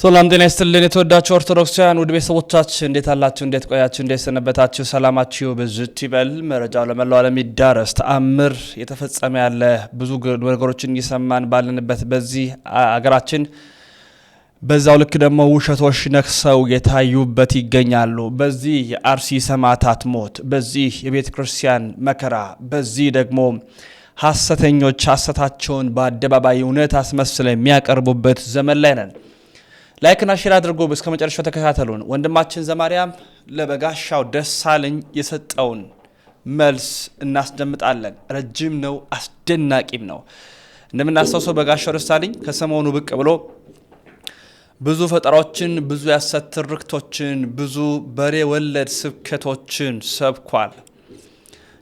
ሰላም ጤና ይስጥልን የተወዳችሁ ኦርቶዶክሳውያን ውድ ቤተሰቦቻችን እንዴት አላችሁ? እንዴት ቆያችሁ? እንዴት ሰነበታችሁ? ሰላማችሁ በዝት ይበል። መረጃው ለመላው ዓለም ይዳረስ። ተአምር የተፈጸመ ያለ ብዙ ነገሮችን እየሰማን ባለንበት በዚህ አገራችን በዛው ልክ ደግሞ ውሸቶች ነክሰው የታዩበት ይገኛሉ። በዚህ የአርሲ ሰማዕታት ሞት፣ በዚህ የቤተ ክርስቲያን መከራ፣ በዚህ ደግሞ ሐሰተኞች ሐሰታቸውን በአደባባይ እውነት አስመስለ የሚያቀርቡበት ዘመን ላይ ነን። ላይክና ሼር አድርጎ እስከ መጨረሻው ተከታተሉን። ወንድማችን ዘማርያም ለበጋሻው ደሳለኝ የሰጠውን መልስ እናስደምጣለን። ረጅም ነው፣ አስደናቂም ነው። እንደምናስታውሰው በጋሻው ደሳለኝ ከሰሞኑ ብቅ ብሎ ብዙ ፈጠራዎችን፣ ብዙ ያሰት ትርክቶችን፣ ብዙ በሬ ወለድ ስብከቶችን ሰብኳል።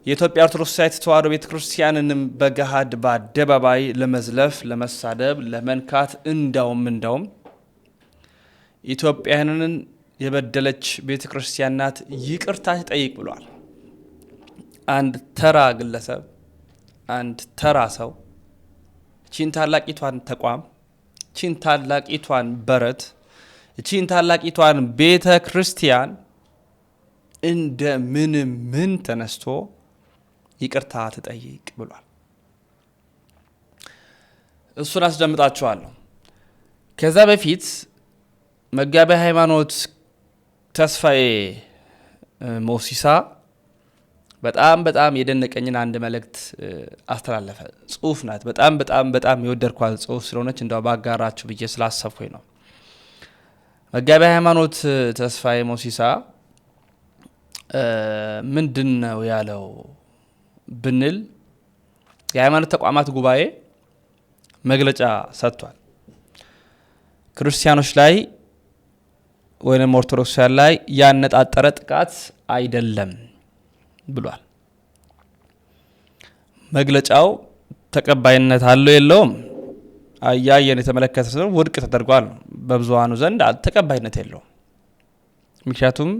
የኢትዮጵያ ኦርቶዶክሳዊት ተዋሕዶ ቤተ ክርስቲያንንም በገሃድ በአደባባይ ለመዝለፍ፣ ለመሳደብ፣ ለመንካት እንዳውም እንዳውም ኢትዮጵያንን የበደለች ቤተ ክርስቲያን ናት፣ ይቅርታ ትጠይቅ ብሏል። አንድ ተራ ግለሰብ፣ አንድ ተራ ሰው ቺን ታላቂቷን ተቋም፣ ቺን ታላቂቷን በረት፣ ቺን ታላቂቷን ቤተ ክርስቲያን እንደ ምን ምን ተነስቶ ይቅርታ ትጠይቅ ብሏል። እሱን አስደምጣችኋለሁ። ከዛ በፊት መጋቢ ሃይማኖት ተስፋዬ ሞሲሳ በጣም በጣም የደነቀኝን አንድ መልእክት አስተላለፈ። ጽሁፍ ናት። በጣም በጣም በጣም የወደድኳት ጽሁፍ ስለሆነች እንደ ባጋራችሁ ብዬ ስላሰብኩኝ ነው። መጋቢ ሃይማኖት ተስፋዬ ሞሲሳ ምንድን ነው ያለው ብንል የሃይማኖት ተቋማት ጉባኤ መግለጫ ሰጥቷል ክርስቲያኖች ላይ ወይም ኦርቶዶክሳውያን ላይ ያነጣጠረ ጥቃት አይደለም ብሏል። መግለጫው ተቀባይነት አለው የለውም አያየን የተመለከተ ሲሆን ውድቅ ተደርጓል። በብዙሃኑ ዘንድ ተቀባይነት የለውም። ምክንያቱም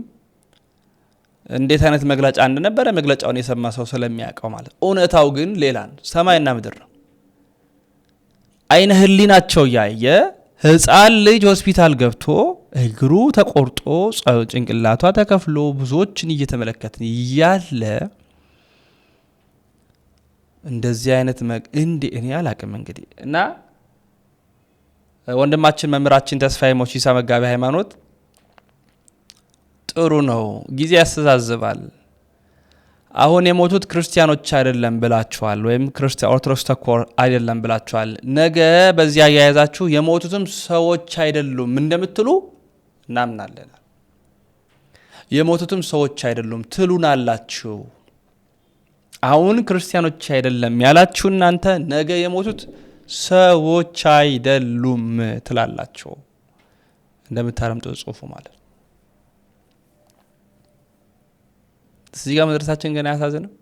እንዴት አይነት መግለጫ እንደነበረ መግለጫውን የሰማ ሰው ስለሚያውቀው ማለት። እውነታው ግን ሌላ ነው፣ ሰማይና ምድር ነው። አይነ ህሊናቸው እያየ ህፃን ልጅ ሆስፒታል ገብቶ እግሩ ተቆርጦ ጭንቅላቷ ተከፍሎ ብዙዎችን እየተመለከትን ያለ እንደዚህ አይነት እንዲ እኔ አላቅም እንግዲህ እና ወንድማችን መምህራችን ተስፋ ሞቺሳ መጋቢ ሃይማኖት ጥሩ ነው፣ ጊዜ ያስተዛዝባል። አሁን የሞቱት ክርስቲያኖች አይደለም ብላችኋል፣ ወይም ኦርቶዶክስ ተኮር አይደለም ብላችኋል። ነገ በዚህ አያያዛችሁ የሞቱትም ሰዎች አይደሉም እንደምትሉ እናምናለናል። የሞቱትም ሰዎች አይደሉም ትሉን አላችሁ። አሁን ክርስቲያኖች አይደለም ያላችሁ እናንተ ነገ የሞቱት ሰዎች አይደሉም ትላላቸው። እንደምታረምጡ ጽሁፉ ማለት ነው። እዚህ ጋር መድረሳችን ገና አያሳዝንም?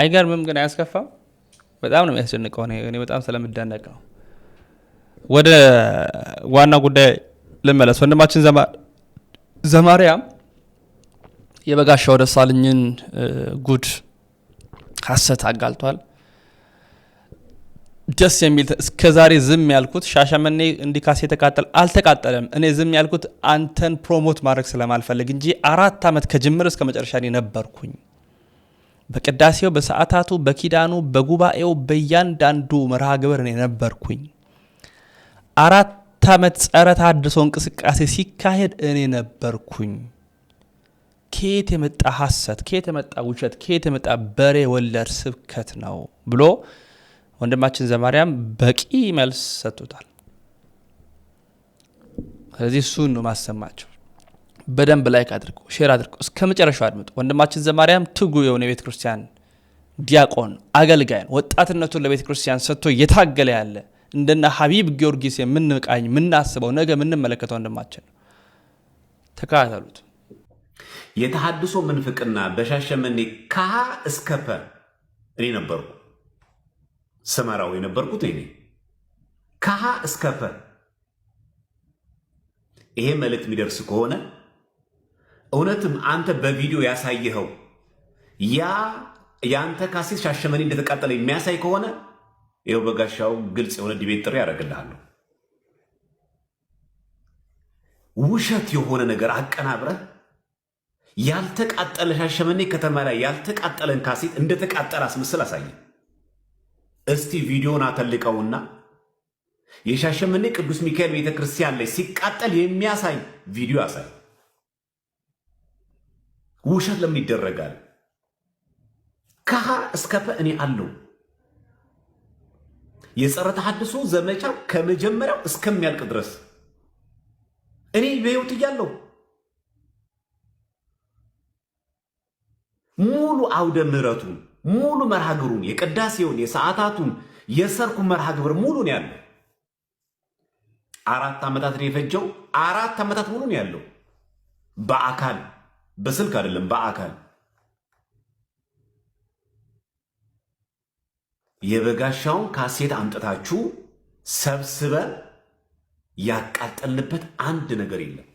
አይገርምም? ግን አያስከፋም? በጣም ነው የሚያስደንቀው። እኔ በጣም ስለምደነቅ ነው። ወደ ዋና ጉዳይ ልመለስ። ወንድማችን ዘማሪያም የበጋሻው ደሳለኝን ጉድ ሀሰት አጋልጧል። ደስ የሚል እስከ ዛሬ ዝም ያልኩት ሻሸመኔ እንዲካስ የተቃጠል አልተቃጠለም። እኔ ዝም ያልኩት አንተን ፕሮሞት ማድረግ ስለማልፈልግ እንጂ አራት ዓመት ከጅምር እስከ መጨረሻ እኔ ነበርኩኝ። በቅዳሴው፣ በሰዓታቱ፣ በኪዳኑ፣ በጉባኤው በእያንዳንዱ መርሃ ግብር እኔ ነበርኩኝ። አራት ዓመት ጸረ ታድሶ እንቅስቃሴ ሲካሄድ እኔ ነበርኩኝ። ከየት የመጣ ሐሰት፣ ከየት የመጣ ውሸት፣ ከየት የመጣ በሬ ወለድ ስብከት ነው ብሎ ወንድማችን ዘማርያም በቂ መልስ ሰጥቶታል። ስለዚህ እሱን ነው ማሰማቸው። በደንብ ላይክ አድርጉ፣ ሼር አድርጉ፣ እስከ መጨረሻው አድምጡ። ወንድማችን ዘማርያም ትጉ የሆነ የቤተ ክርስቲያን ዲያቆን አገልጋይ፣ ወጣትነቱን ለቤተ ክርስቲያን ሰጥቶ እየታገለ ያለ እንደነ ሀቢብ ጊዮርጊስ የምንቃኝ የምናስበው ነገ የምንመለከተው ወንድማችን ነው። ተከታተሉት። የተሃድሶ ምንፍቅና በሻሸመኔ ከሀ እስከ ፐ እኔ ነበርኩ ሰመራው የነበርኩት እኔ ከሀ እስከ ፐ። ይሄ መልእክት የሚደርስ ከሆነ እውነትም አንተ በቪዲዮ ያሳየኸው ያ የአንተ ካሴት ሻሸመኔ እንደተቃጠለ የሚያሳይ ከሆነ ይኸው በጋሻው ግልጽ የሆነ ዲቤት ጥሪ ያደርግልሃሉ። ውሸት የሆነ ነገር አቀናብረህ ያልተቃጠለ ሻሸመኔ ከተማ ላይ ያልተቃጠለን ካሴት እንደተቃጠለ አስመስል አሳየ። እስቲ ቪዲዮን አተልቀውና የሻሸመኔ ቅዱስ ሚካኤል ቤተ ክርስቲያን ላይ ሲቃጠል የሚያሳይ ቪዲዮ ያሳይ። ውሸት ለምን ይደረጋል? ከሀ እስከ ፐ እኔ አለው የጸረ ተሐድሶ ዘመቻ ከመጀመሪያው እስከሚያልቅ ድረስ እኔ በሕይወት እያለሁ ሙሉ አውደ ምሕረቱን ሙሉ መርሃ ግብሩን የቅዳሴውን፣ የሰዓታቱን፣ የሰርኩ መርሃ ግብር ሙሉ ነው ያለው። አራት ዓመታት ነው የፈጀው። አራት ዓመታት ሙሉ ነው ያለው። በአካል በስልክ አይደለም፣ በአካል የበጋሻውን ካሴት አምጥታችሁ ሰብስበን ያቃጠልንበት አንድ ነገር የለም፣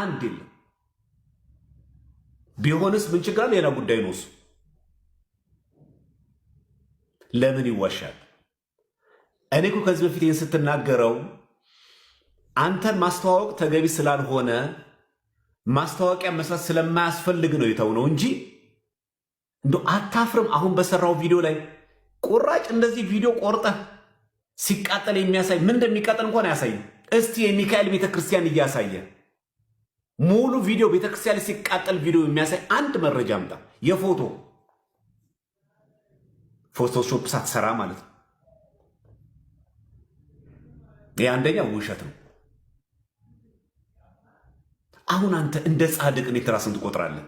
አንድ የለም። ቢሆንስ ምን ችግር ሌላ ጉዳይ ነው። እሱ ለምን ይዋሻል? እኔ እኮ ከዚህ በፊት ይህን ስትናገረው አንተን ማስተዋወቅ ተገቢ ስላልሆነ ማስታወቂያ መስራት ስለማያስፈልግ ነው የተው ነው እንጂ እንደ አታፍርም? አሁን በሰራው ቪዲዮ ላይ ቁራጭ እንደዚህ ቪዲዮ ቆርጠህ ሲቃጠል የሚያሳይ ምን እንደሚቃጠል እንኳን ያሳይ እስቲ የሚካኤል ቤተክርስቲያን እያሳየ ሙሉ ቪዲዮ ቤተክርስቲያን ሲቃጠል ቪዲዮ የሚያሳይ አንድ መረጃ አምጣ። የፎቶ ፎቶሾፕ ሳትሰራ ማለት ነው። የአንደኛው ውሸት ነው። አሁን አንተ እንደ ጻድቅ እኔ ራስን ትቆጥራለህ።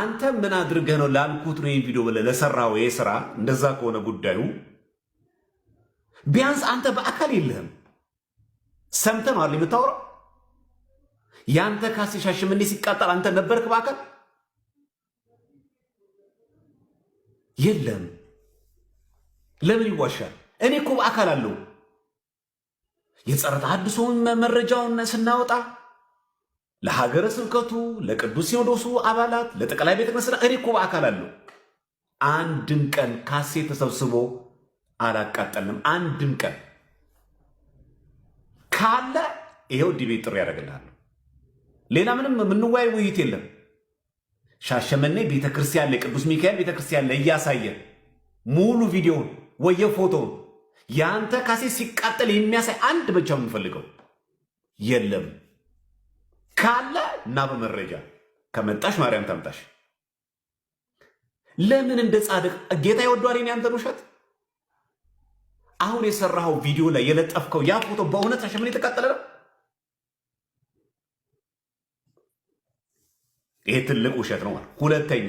አንተ ምን አድርገህ ነው ላልኩት ነው ይህን ቪዲዮ ብለህ ለሰራው ይሄ ስራ እንደዛ ከሆነ ጉዳዩ ቢያንስ አንተ በአካል የለህም፣ ሰምተህ ነው አይደል የምታወራው። ያንተ ካሴ ሻሸመኔ ሲቃጠል አንተ ነበርክ በአካል የለም። ለምን ይዋሻል? እኔ እኮ በአካል አለው የጸረ ተሐድሶውን መረጃውን ስናወጣ ለሀገረ ስብከቱ፣ ለቅዱስ ሲኖዶሱ አባላት፣ ለጠቅላይ ቤተ ክርስቲያን እኔ እኮ በአካል አለው። አንድም ቀን ካሴት ተሰብስቦ አላቃጠልንም። አንድም ቀን ካለ ይኸው ዲቤት ጥሩ ያደርግልሃለሁ። ሌላ ምንም የምንወያይ ውይይት የለም። ሻሸመኔ ቤተክርስቲያን ላይ ቅዱስ ሚካኤል ቤተክርስቲያን ላይ እያሳየ ሙሉ ቪዲዮን ወየ ፎቶውን የአንተ ካሴ ሲቃጠል የሚያሳይ አንድ ብቻ የምንፈልገው የለም። ካለ እና በመረጃ ከመጣሽ ማርያም ታምጣሽ። ለምን እንደ ጻድቅ ጌታ ይወዷል ኔ አንተን ውሸት አሁን የሰራኸው ቪዲዮ ላይ የለጠፍከው ያ ፎቶ በእውነት ሻሸመኔ የተቃጠለ ነው። ይሄ ትልቅ ውሸት ነው ማለት። ሁለተኛ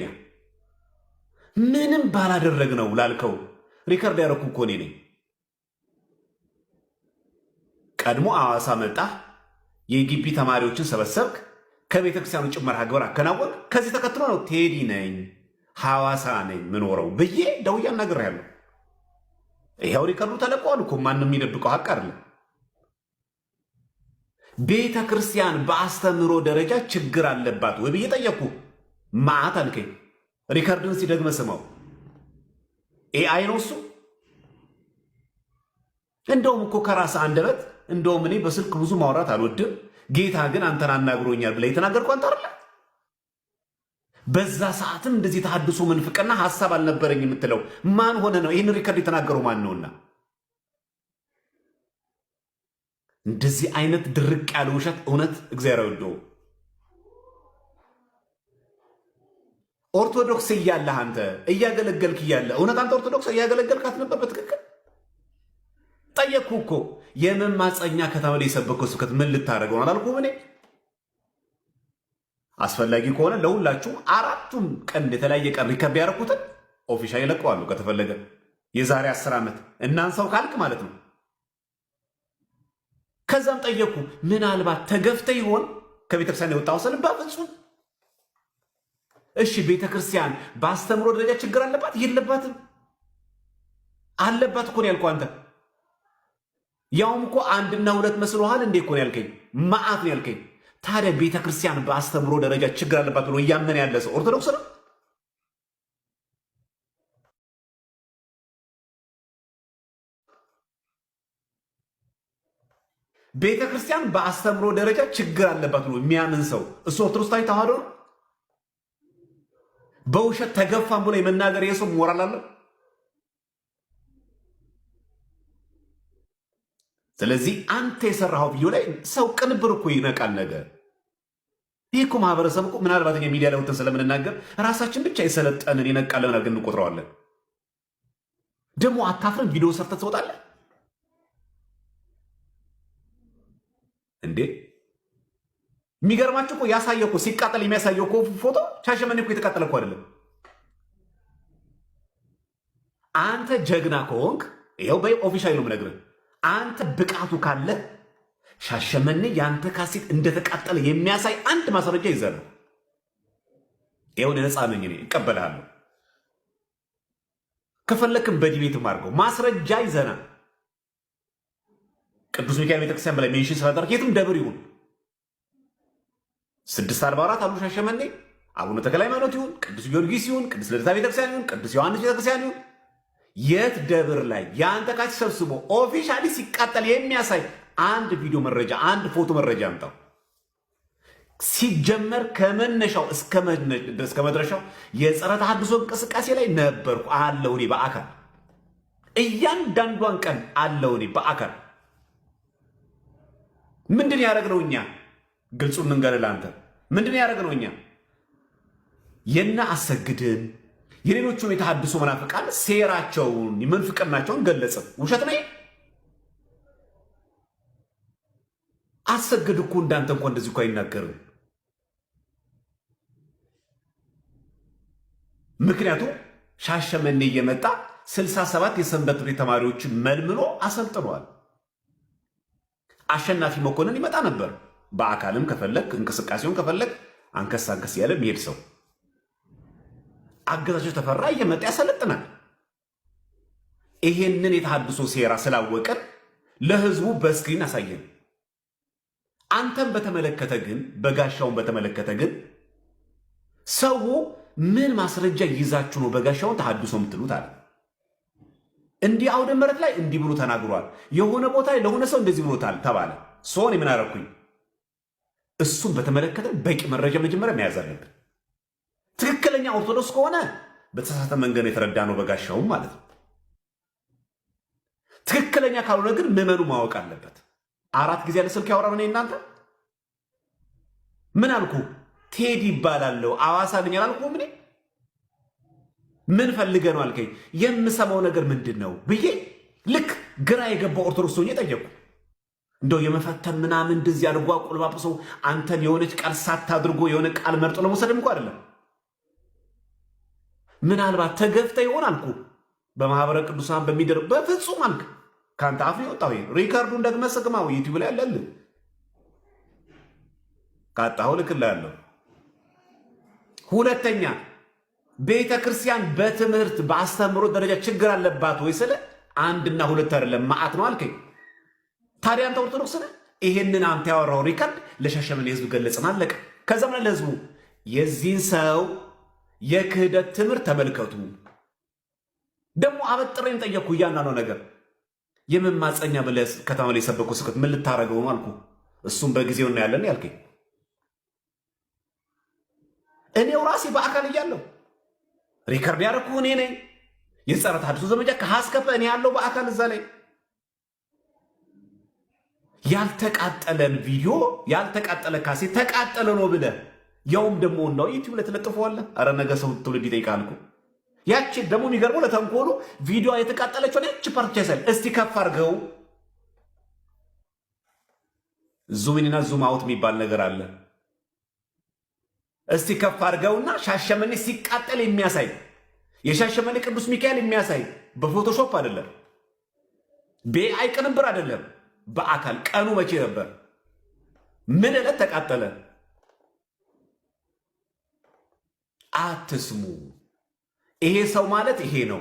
ምንም ባላደረግ ነው ላልከው ሪከርድ ያደረኩ እኮ እኔ ነኝ። ቀድሞ አዋሳ መጣ። የግቢ ተማሪዎችን ሰበሰብክ፣ ከቤተ ክርስቲያኑ ውጭ መርሃ ግብር አከናወንክ። ከዚህ ተከትሎ ነው ቴዲ ነኝ ሐዋሳ ነኝ ምኖረው ብዬ ደውዬ አናግሬያለሁ። ይኸው ሪከርዱ ተለቀዋል እኮ ማንም የሚደብቀው ሀቅ አይደለም። ቤተ ክርስቲያን በአስተምህሮ ደረጃ ችግር አለባት ወይ ብዬ ጠየቅኩ። ማአት አልከኝ። ሪከርድን ሲደግመ ስማው ኤአይ ነው እሱ። እንደውም እኮ ከራስ አንደበት እንደውም እኔ በስልክ ብዙ ማውራት አልወድም፣ ጌታ ግን አንተን አናግሮኛል ብለህ የተናገርኩ አንተ አይደለ? በዛ ሰዓትም እንደዚህ ተሐድሶ ምንፍቅና ሀሳብ አልነበረኝ የምትለው ማን ሆነ ነው? ይህን ሪከርድ የተናገረው ማን ነውና? እንደዚህ አይነት ድርቅ ያለ ውሸት እውነት እግዚአብሔር ወዶ ኦርቶዶክስ እያለህ አንተ እያገለገልክ እያለ እውነት አንተ ኦርቶዶክስ እያገለገልክ አትነበር በትክክል ጠየቅኩ እኮ የመማፀኛ ከተማ ላይ የሰበከው ስብከት ምን ልታደርገው አላልኩም እኔ። አስፈላጊ ከሆነ ለሁላችሁ አራቱም ቀን የተለያየ ቀን ሪከብ ያደረኩትን ኦፊሻል ይለቀዋሉ ከተፈለገ የዛሬ አስር ዓመት እናንሳው ካልክ ማለት ነው። ከዛም ጠየቅኩ ምናልባት ተገፍተ ይሆን ከቤተክርስቲያን የወጣው ስል በፍጹም እሺ፣ ቤተክርስቲያን በአስተምሮ ደረጃ ችግር አለባት የለባትም? አለባት እኮ ያልኩ አንተ ያውም እኮ አንድና ሁለት መስሎሃል እንዴ እኮ ነው ያልከኝ፣ መዓት ነው ያልከኝ። ታዲያ ቤተ ክርስቲያን በአስተምሮ ደረጃ ችግር አለባት ብሎ እያመነ ያለ ሰው ኦርቶዶክስ ነው። ቤተ ክርስቲያን በአስተምሮ ደረጃ ችግር አለባት ብሎ የሚያምን ሰው እሱ ኦርቶዶክስ ታይ ተዋህዶ ነው። በውሸት ተገፋም ብሎ የመናገር የሰው ሞራል አለው። ስለዚህ አንተ የሰራኸው ቪዲዮ ላይ ሰው ቅንብር እኮ ይነቃል። ነገር ይህ እኮ ማህበረሰብ እኮ ምናልባት የሚዲያ ለውጥን ስለምንናገር ራሳችን ብቻ የሰለጠንን ለምን አድርገን እንቆጥረዋለን። ደግሞ አታፍረን ቪዲዮ ሰርተህ ትወጣለህ እንዴ? የሚገርማችሁ እኮ ያሳየ እኮ ሲቃጠል የሚያሳየው እኮ ፎቶ ሻሸመኔ እኮ የተቃጠለ እኮ አይደለም። አንተ ጀግና ከሆንክ ይኸው በኦፊሻል ነው የምነግርህ አንተ ብቃቱ ካለ ሻሸመኔ የአንተ ካሴት እንደተቃጠለ የሚያሳይ አንድ ማስረጃ ይዘ። ነው። ይኸውን ነፃ ነኝ እኔ እቀበልሃለሁ። ከፈለክም በዲቤትም አድርገው ማስረጃ ይዘና ቅዱስ ሚካኤል ቤተክርስቲያን በላይ ሜንሽን ስላደረግ የትም ደብር ይሁን ስድስት አርባ አራት አሉ ሻሸመኔ አቡነ ተክለ ሃይማኖት ይሁን ቅዱስ ጊዮርጊስ ይሁን ቅዱስ ልደታ ቤተክርስቲያን ይሁን ቅዱስ ዮሐንስ ቤተክርስቲያን ይሁን የት ደብር ላይ የአንተ ቃች ሰብስቦ ኦፊሻሊ ሲቃጠል የሚያሳይ አንድ ቪዲዮ መረጃ፣ አንድ ፎቶ መረጃ አምጣው። ሲጀመር ከመነሻው እስከ መድረሻው የጸረ ተሐድሶ እንቅስቃሴ ላይ ነበርኩ አለው። እኔ በአካል እያንዳንዷን ቀን አለው። እኔ በአካል ምንድን ነው? እኛ? ግልጹ እንንገር። ለአንተ ምንድን ነው? እኛ? የነ አሰግድን የሌሎቹም የተሐድሶ መናፍቃን ሴራቸውን የመንፍቅናቸውን ገለጽን። ውሸት ነ አሰገድ እኮ እንዳንተ እንኳ እንደዚህ እኳ አይናገርም። ምክንያቱም ሻሸመኔ እየመጣ 67 ሰባት የሰንበት ቤት ተማሪዎችን መልምሎ አሰልጥኗል። አሸናፊ መኮንን ይመጣ ነበር። በአካልም ከፈለግ እንቅስቃሴውን ከፈለግ አንከስ አንከስ ያለ ሚሄድ ሰው አገዛቸው ተፈራ እየመጣ ያሰለጥናል። ይሄንን የተሃድሶ ሴራ ስላወቀን ለህዝቡ በስክሪን አሳየን። አንተም በተመለከተ ግን በጋሻውን በተመለከተ ግን ሰው ምን ማስረጃ ይዛችሁ ነው በጋሻውን ተሃድሶ የምትሉት አለ። እንዲህ አውደ መረት ላይ እንዲህ ብሎ ተናግሯል፣ የሆነ ቦታ ላይ ለሆነ ሰው እንደዚህ ብሎታል ተባለ። ሶን የምን አረኩኝ? እሱን በተመለከተ በቂ መረጃ መጀመሪያ መያዝ አለብን። ትክክለኛ ኦርቶዶክስ ከሆነ በተሳሳተ መንገድ የተረዳ ነው በጋሻውም ማለት ነው። ትክክለኛ ካልሆነ ግን ምዕመኑ ማወቅ አለበት። አራት ጊዜ ያለ ስልክ ያወራ ምን እናንተ ምን አልኩ? ቴዲ ይባላለሁ አዋሳ ነኝ አላልኩ? ምን ምን ፈልገ ነው አልከኝ። የምሰማው ነገር ምንድን ነው ብዬ ልክ ግራ የገባው ኦርቶዶክስ ሆኜ ጠየቁ። እንደው የመፈተን ምናምን እንደዚህ አድርጎ አቆልባብሶ አንተን የሆነች ቃል ሳታድርጎ የሆነ ቃል መርጦ ለመውሰድም እኮ አይደለም ምናልባት ተገፍተ ይሆን አልኩ። በማህበረ ቅዱሳን በሚደር በፍጹም አልክ። ከአንተ አፍ የወጣው ሪካርዱን ደግመ ስቅማው ዩቲዩብ ላይ አለል ካጣሁ ልክላለሁ። ሁለተኛ ቤተ ክርስቲያን በትምህርት በአስተምህሮ ደረጃ ችግር አለባት ወይ ስለ አንድና ሁለት አይደለም ማአት ነው አልከኝ። ታዲያ አንተ ኦርቶዶክስ ነህ። ይሄንን አንተ ያወራው ሪካርድ ለሻሸመኔ ህዝብ ገለጽን፣ አለቀ። ከዛ ምን ለህዝቡ የዚህን ሰው የክህደት ትምህርት ተመልከቱ። ደግሞ አበጥሬን ጠየቅኩ። እያንዳንዱ ነገር የመማፀኛ ብለህ ከተማ ላይ የሰበኩ ስብከት ምን ልታረገው ነው አልኩ። እሱም በጊዜው እናያለን ያልከኝ እኔው ራሴ በአካል እያለሁ ሪከርድ ያደረኩ እኔ ነኝ። የጸረ ተሐድሶ ዘመቻ ከሀስከፈ እኔ ያለው በአካል እዛ ላይ ያልተቃጠለን ቪዲዮ ያልተቃጠለ ካሴ ተቃጠለ ነው ብለህ ያውም ደግሞ እንዳው ዩቲዩብ ላይ ተለጥፈዋለ። አረ ነገ ሰው ትውልድ ይጠይቃል እኮ። ያቺ ደግሞ የሚገርመው ለተንኮሉ ቪዲዮ የተቃጠለችው ያቺ ፐርቸሰል እስቲ ከፍ አድርገው። ዙሚንና ዙም አውት የሚባል ነገር አለ። እስቲ ከፍ አድርገውና ሻሸመኔ ሲቃጠል የሚያሳይ የሻሸመኔ ቅዱስ ሚካኤል የሚያሳይ በፎቶሾፕ አይደለም፣ በአይ ቅንብር አይደለም፣ በአካል ቀኑ መቼ ነበር? ምን ዕለት ተቃጠለ? አትስሙ። ይሄ ሰው ማለት ይሄ ነው።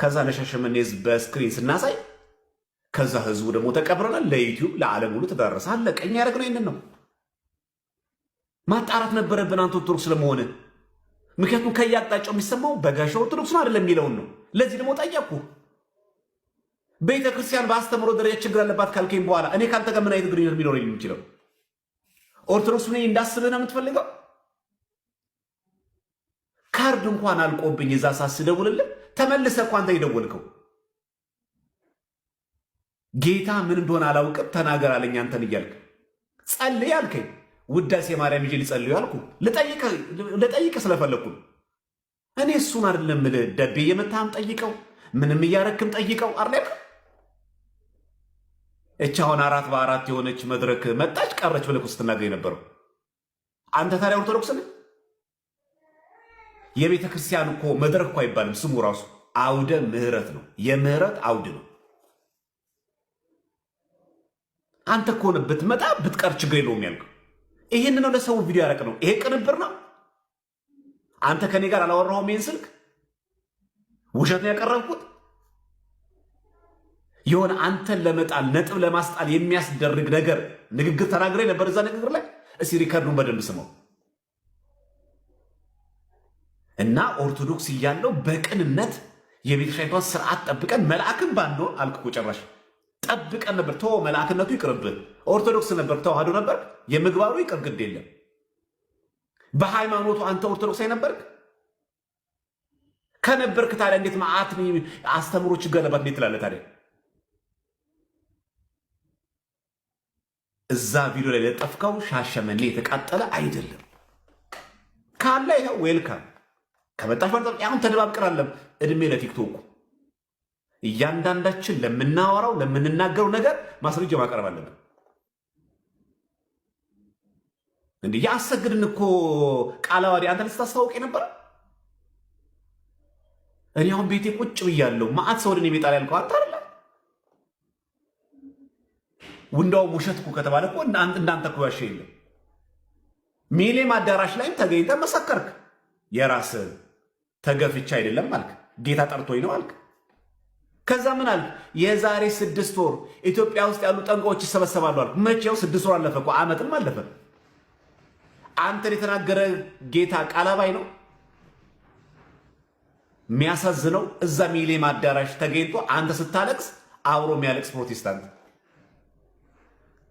ከዛ ለሻሸመኔ በስክሪን ስናሳይ ከዛ ህዝቡ ደግሞ ተቀብረናል። ለዩቲዩብ ለዓለም ሁሉ ተዳረሰ። አለቀ። እኛ ያደረግነው ይህንን ነው። ማጣራት ነበረብን አንተ ኦርቶዶክስ ለመሆን ምክንያቱም ከየአቅጣጫው የሚሰማው በጋሻ ኦርቶዶክስ ነው አይደለም የሚለውን ነው። ለዚህ ደግሞ ጠየቅኩ። ቤተ ክርስቲያን በአስተምሮ ደረጃ ችግር አለባት ካልከኝ በኋላ እኔ ካንተ ጋር ምን አይነት ግንኙነት ሊኖረኝ የሚችለው ኦርቶዶክስ እንዳስብህ ነው የምትፈልገው? ካርድ እንኳን አልቆብኝ እዛ ሳት ተመልሰህ እኮ አንተ የደወልከው ጌታ ምን እንደሆነ አላውቅም ተናገር አለኝ። አንተን እያልክ ጸልይ አልከኝ። ውዳሴ ማርያም ይዤ ሊጸልዩ አልኩ። ልጠይቅህ ስለፈለግኩ እኔ እሱን አይደለም ምል ደቤ እየመታህም ጠይቀው፣ ምንም እያረክም ጠይቀው። አርሌም እች አሁን አራት በአራት የሆነች መድረክ መጣች ቀረች ብለህ እኮ ስትናገር የነበረው አንተ ታዲያ ኦርቶዶክስ ነህ የቤተ ክርስቲያን እኮ መድረክ እኮ አይባልም ስሙ ራሱ አውደ ምህረት ነው። የምህረት አውድ ነው። አንተ ከሆነ ብትመጣ ብትቀር ችግር የለውም ያልከው ይህን ነው። ለሰው ቪዲዮ ያረቅ ነው። ይሄ ቅንብር ነው። አንተ ከኔ ጋር አላወራሁም። ይህን ስልክ ውሸት ነው ያቀረብኩት። የሆነ አንተን ለመጣል ነጥብ ለማስጣል የሚያስደርግ ነገር ንግግር ተናግሬ ነበር። እዛ ንግግር ላይ እስኪ ሪከርዱን በደንብ ስመው። እና ኦርቶዶክስ እያለው በቅንነት የቤተክርስቲያኗን ስርዓት ጠብቀን መልአክን ባንዶ አልክኮ ጨራሽ ጠብቀን ነበር። ቶ መልአክነቱ ይቅርብህ። ኦርቶዶክስ ነበር፣ ተዋህዶ ነበር፣ የምግባሩ ይቅር ግድ የለም። በሃይማኖቱ አንተ ኦርቶዶክስ አይነበርክ ከነበርክ ታዲያ እንዴት መዓት አስተምሮች ገለባት እንዴት ትላለህ ታዲያ? እዛ ቪዲዮ ላይ ለጠፍከው ሻሸመኔ የተቃጠለ አይደለም ካለ ይኸው ዌልካም ከመጣሽ ባንጻር አሁን ተደባብ ቅራለም እድሜ ለቲክቶኩ እያንዳንዳችን ለምናወራው ለምንናገረው ነገር ማስረጃ ማቀረብ አለብን። እንደ ያሰግድን እኮ ቃለ ዓዋዲ አንተ ልስታስታውቅ ነበረ። እኔ አሁን ቤቴ ቁጭ ብያለሁ። ማአት ሰው ወደኔ ይመጣል ያልከው አንተ አይደለ? እንዳውም ውሸት እኮ ከተባለ እኮ እንዳንተ እኮ ያሸ የለም። ሚሌም አዳራሽ ላይም ተገኝተ መሰከርክ የራስህን ተገፍቻ አይደለም አልክ። ጌታ ጠርቶኝ ነው አልክ። ከዛ ምን አልክ? የዛሬ ስድስት ወር ኢትዮጵያ ውስጥ ያሉ ጠንቋዮች ይሰበሰባሉ አልክ። መቼው ስድስት ወር አለፈ እኮ አለፈ። አንተን የተናገረ ጌታ ቃላባይ ነው። የሚያሳዝነው እዛ ሚሌም አዳራሽ ተገኝቶ አንተ ስታለቅስ አብሮ የሚያለቅስ ፕሮቴስታንት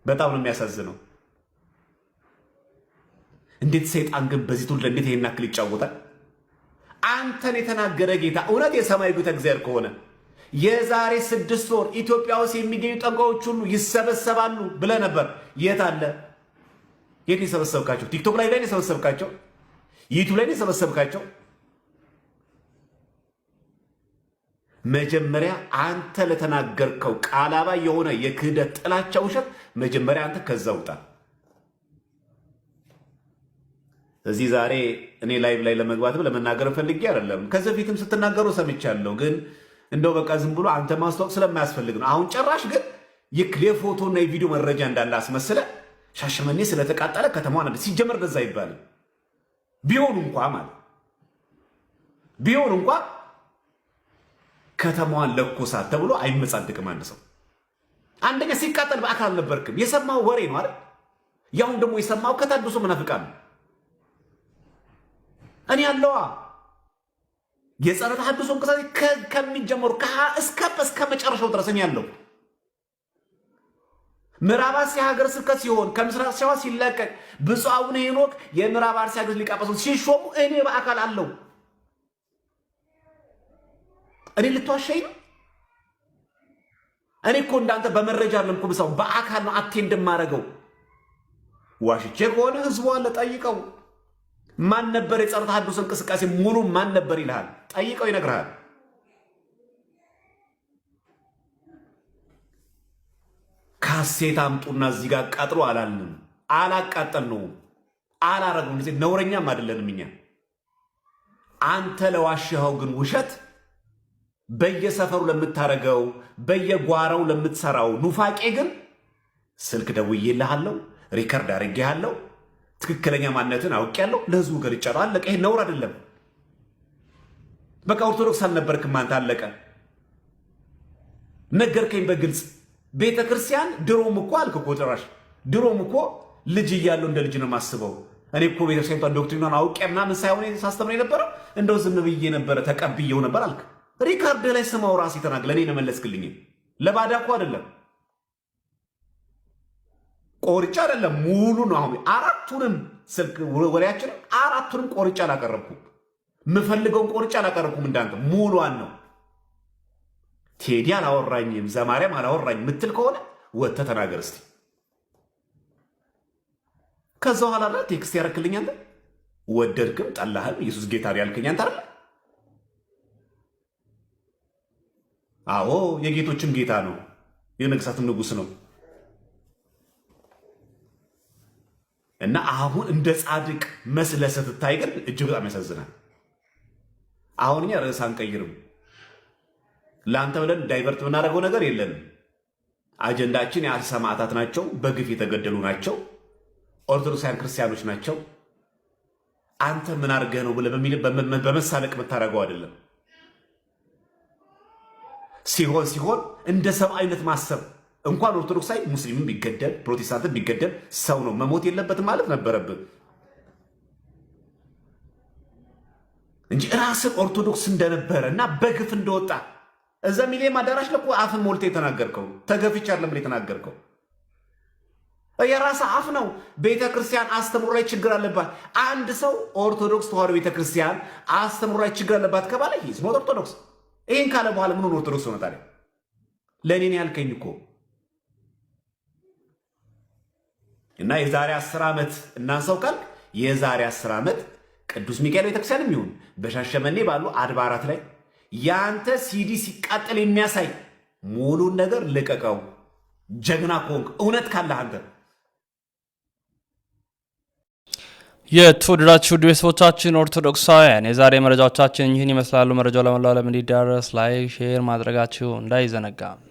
በጣም ነው የሚያሳዝነው። እንዴት ሰይጣን ግን በዚህ ትውልድ እንዴት ይሄን ያክል ይጫወታል? አንተን የተናገረ ጌታ እውነት የሰማይ ቤተ እግዚአብሔር ከሆነ የዛሬ ስድስት ወር ኢትዮጵያ ውስጥ የሚገኙ ጠንቋዮች ሁሉ ይሰበሰባሉ ብለ ነበር። የት አለ? የት የሰበሰብካቸው? ቲክቶክ ላይ ላይ የሰበሰብካቸው፣ ዩቱብ ላይ የሰበሰብካቸው። መጀመሪያ አንተ ለተናገርከው ቃላባ የሆነ የክህደት ጥላቻ፣ ውሸት መጀመሪያ አንተ ከዛ ውጣ። እዚህ ዛሬ እኔ ላይቭ ላይ ለመግባትም ለመናገር ፈልጌ አይደለም። ከዚህ በፊትም ስትናገሩ ሰምቻለሁ። ግን እንደው በቃ ዝም ብሎ አንተ ማስታወቅ ስለማያስፈልግ ነው። አሁን ጭራሽ ግን የክሌር ፎቶና የቪዲዮ መረጃ እንዳለ አስመስለ ሻሸመኔ ስለተቃጠለ ከተማዋን አለ ሲጀመር በዛ አይባልም። ቢሆን እንኳ ማለት ቢሆን እንኳ ከተማዋን ለኮሳት ተብሎ አይመጻደቅም። አንድ ሰው አንደኛ ሲቃጠል በአካል አልነበርክም። የሰማው ወሬ ነው አይደል? ያሁን ደግሞ የሰማው ከታድሶ መናፍቃን ነው። እኔ ያለዋ የጸረ ተሐድሶ እንቅስቃሴ ከሚጀመሩ ከሀ እስከ እስከ መጨረሻው ድረስ እኔ ያለው ምዕራብ አርሲያ ሀገረ ስብከት ሲሆን ከምስራቅ ሸዋ ሲለቀቅ ብፁዕ አቡነ ሄኖክ የምዕራብ አርሲ ሀገረ ሊቀ ጳጳስ ሲሾሙ እኔ በአካል አለው። እኔ ልትዋሸኝ ነው? እኔ እኮ እንዳንተ በመረጃ አይደለም እኮ በአካል ነው አቴንድ የማደርገው። ዋሽቼ ከሆነ ህዝቡ አለ ጠይቀው። ማን ነበር የጸረ ተሐድሶ እንቅስቃሴ ሙሉ ማን ነበር ይልሃል። ጠይቀው ይነግርሃል። ካሴት አምጡና እዚህ ጋር ቀጥሎ አላልንም፣ አላቃጠልነውም፣ አላረግነውም። ጊዜ ነውረኛም አይደለንም እኛ። አንተ ለዋሸኸው ግን ውሸት በየሰፈሩ ለምታረገው በየጓራው ለምትሰራው ኑፋቄ ግን ስልክ ደውዬልሃለሁ፣ ሪከርድ አድርጌሃለሁ ትክክለኛ ማንነትን አውቄያለሁ፣ ለህዝቡ ገልጫለሁ። አለቀ። ይሄ ነውር አይደለም። በቃ ኦርቶዶክስ አልነበርክም አንተ፣ አለቀ። ነገርከኝ በግልጽ ቤተ ክርስቲያን። ድሮም እኮ አልክ እኮ ጭራሽ ድሮም እኮ ልጅ እያለሁ እንደ ልጅ ነው የማስበው። እኔ እኮ ቤተክርስቲያኒቷን ዶክትሪኗን አውቄ ምናምን ሳይሆን ሳስተምር የነበረው እንደው ዝም ብዬ ነበረ ተቀብዬው ነበር አልክ። ሪካርድ ላይ ስማው ራሴ ነው መለስክልኝ። ለባዳ እኮ አይደለም። ቆርጬ አይደለም ሙሉ ነው። አሁን አራቱንም ስልክ ወሬያችንን አራቱንም ቆርጬ አላቀረብኩም። የምፈልገውን ቆርጬ አላቀረብኩም። እንዳንተ ሙሉዋን ነው። ቴዲ አላወራኝም፣ ዘማርያም አላወራኝ ምትል ከሆነ ወጥተህ ተናገር እስቲ። ከዛ በኋላ ላ ቴክስት ያረክልኝ አንተ ወደድክም ጠላህም ኢየሱስ ጌታ ያልከኝ አንተ አለ። አዎ የጌቶችም ጌታ ነው፣ የነግስታትም ንጉሥ ነው። እና አሁን እንደ ጻድቅ መስለ ስትታይ ግን እጅግ በጣም ያሳዝናል። አሁን እኛ ርዕስ አንቀይርም። ለአንተ ብለን ዳይቨርት የምናደርገው ነገር የለንም። አጀንዳችን የአስ ሰማዕታት ናቸው፣ በግፍ የተገደሉ ናቸው፣ ኦርቶዶክሳውያን ክርስቲያኖች ናቸው። አንተ ምን አድርገህ ነው ብለህ በሚል በመሳለቅ የምታደርገው አይደለም። ሲሆን ሲሆን እንደ ሰብአዊነት ማሰብ እንኳን ኦርቶዶክሳዊ ሙስሊምም ቢገደል ፕሮቴስታንትም ቢገደል ሰው ነው መሞት የለበትም ማለት ነበረብን እንጂ ራስን ኦርቶዶክስ እንደነበረ እና በግፍ እንደወጣ እዛ ሚሊየም አዳራሽ ለቁ አፍን ሞልተ የተናገርከው ተገፍቻ ለምን የተናገርከው የራስ አፍ ነው። ቤተ ክርስቲያን አስተምሮ ላይ ችግር አለባት። አንድ ሰው ኦርቶዶክስ ተዋሕዶ ቤተ ክርስቲያን አስተምሮ ላይ ችግር አለባት ከባለ ሞት ኦርቶዶክስ ይህን ካለ በኋላ ምኑን ኦርቶዶክስ ሆነ ታዲያ? ለእኔን ያልከኝ እኮ እና የዛሬ አስር ዓመት እናንሳው ቃል የዛሬ አስር ዓመት ቅዱስ ሚካኤል ቤተክርስቲያንም ይሁን በሻሸመኔ ባሉ አድባራት ላይ ያንተ ሲዲ ሲቃጠል የሚያሳይ ሙሉን ነገር ልቀቀው። ጀግና ከሆንክ እውነት ካለህ አንተ የተወደዳችሁ ቤተሰቦቻችን ኦርቶዶክሳውያን የዛሬ መረጃዎቻችን ይህን ይመስላሉ። መረጃው ለመላው ዓለም እንዲዳረስ ላይክ፣ ሼር ማድረጋችሁ እንዳይዘነጋም።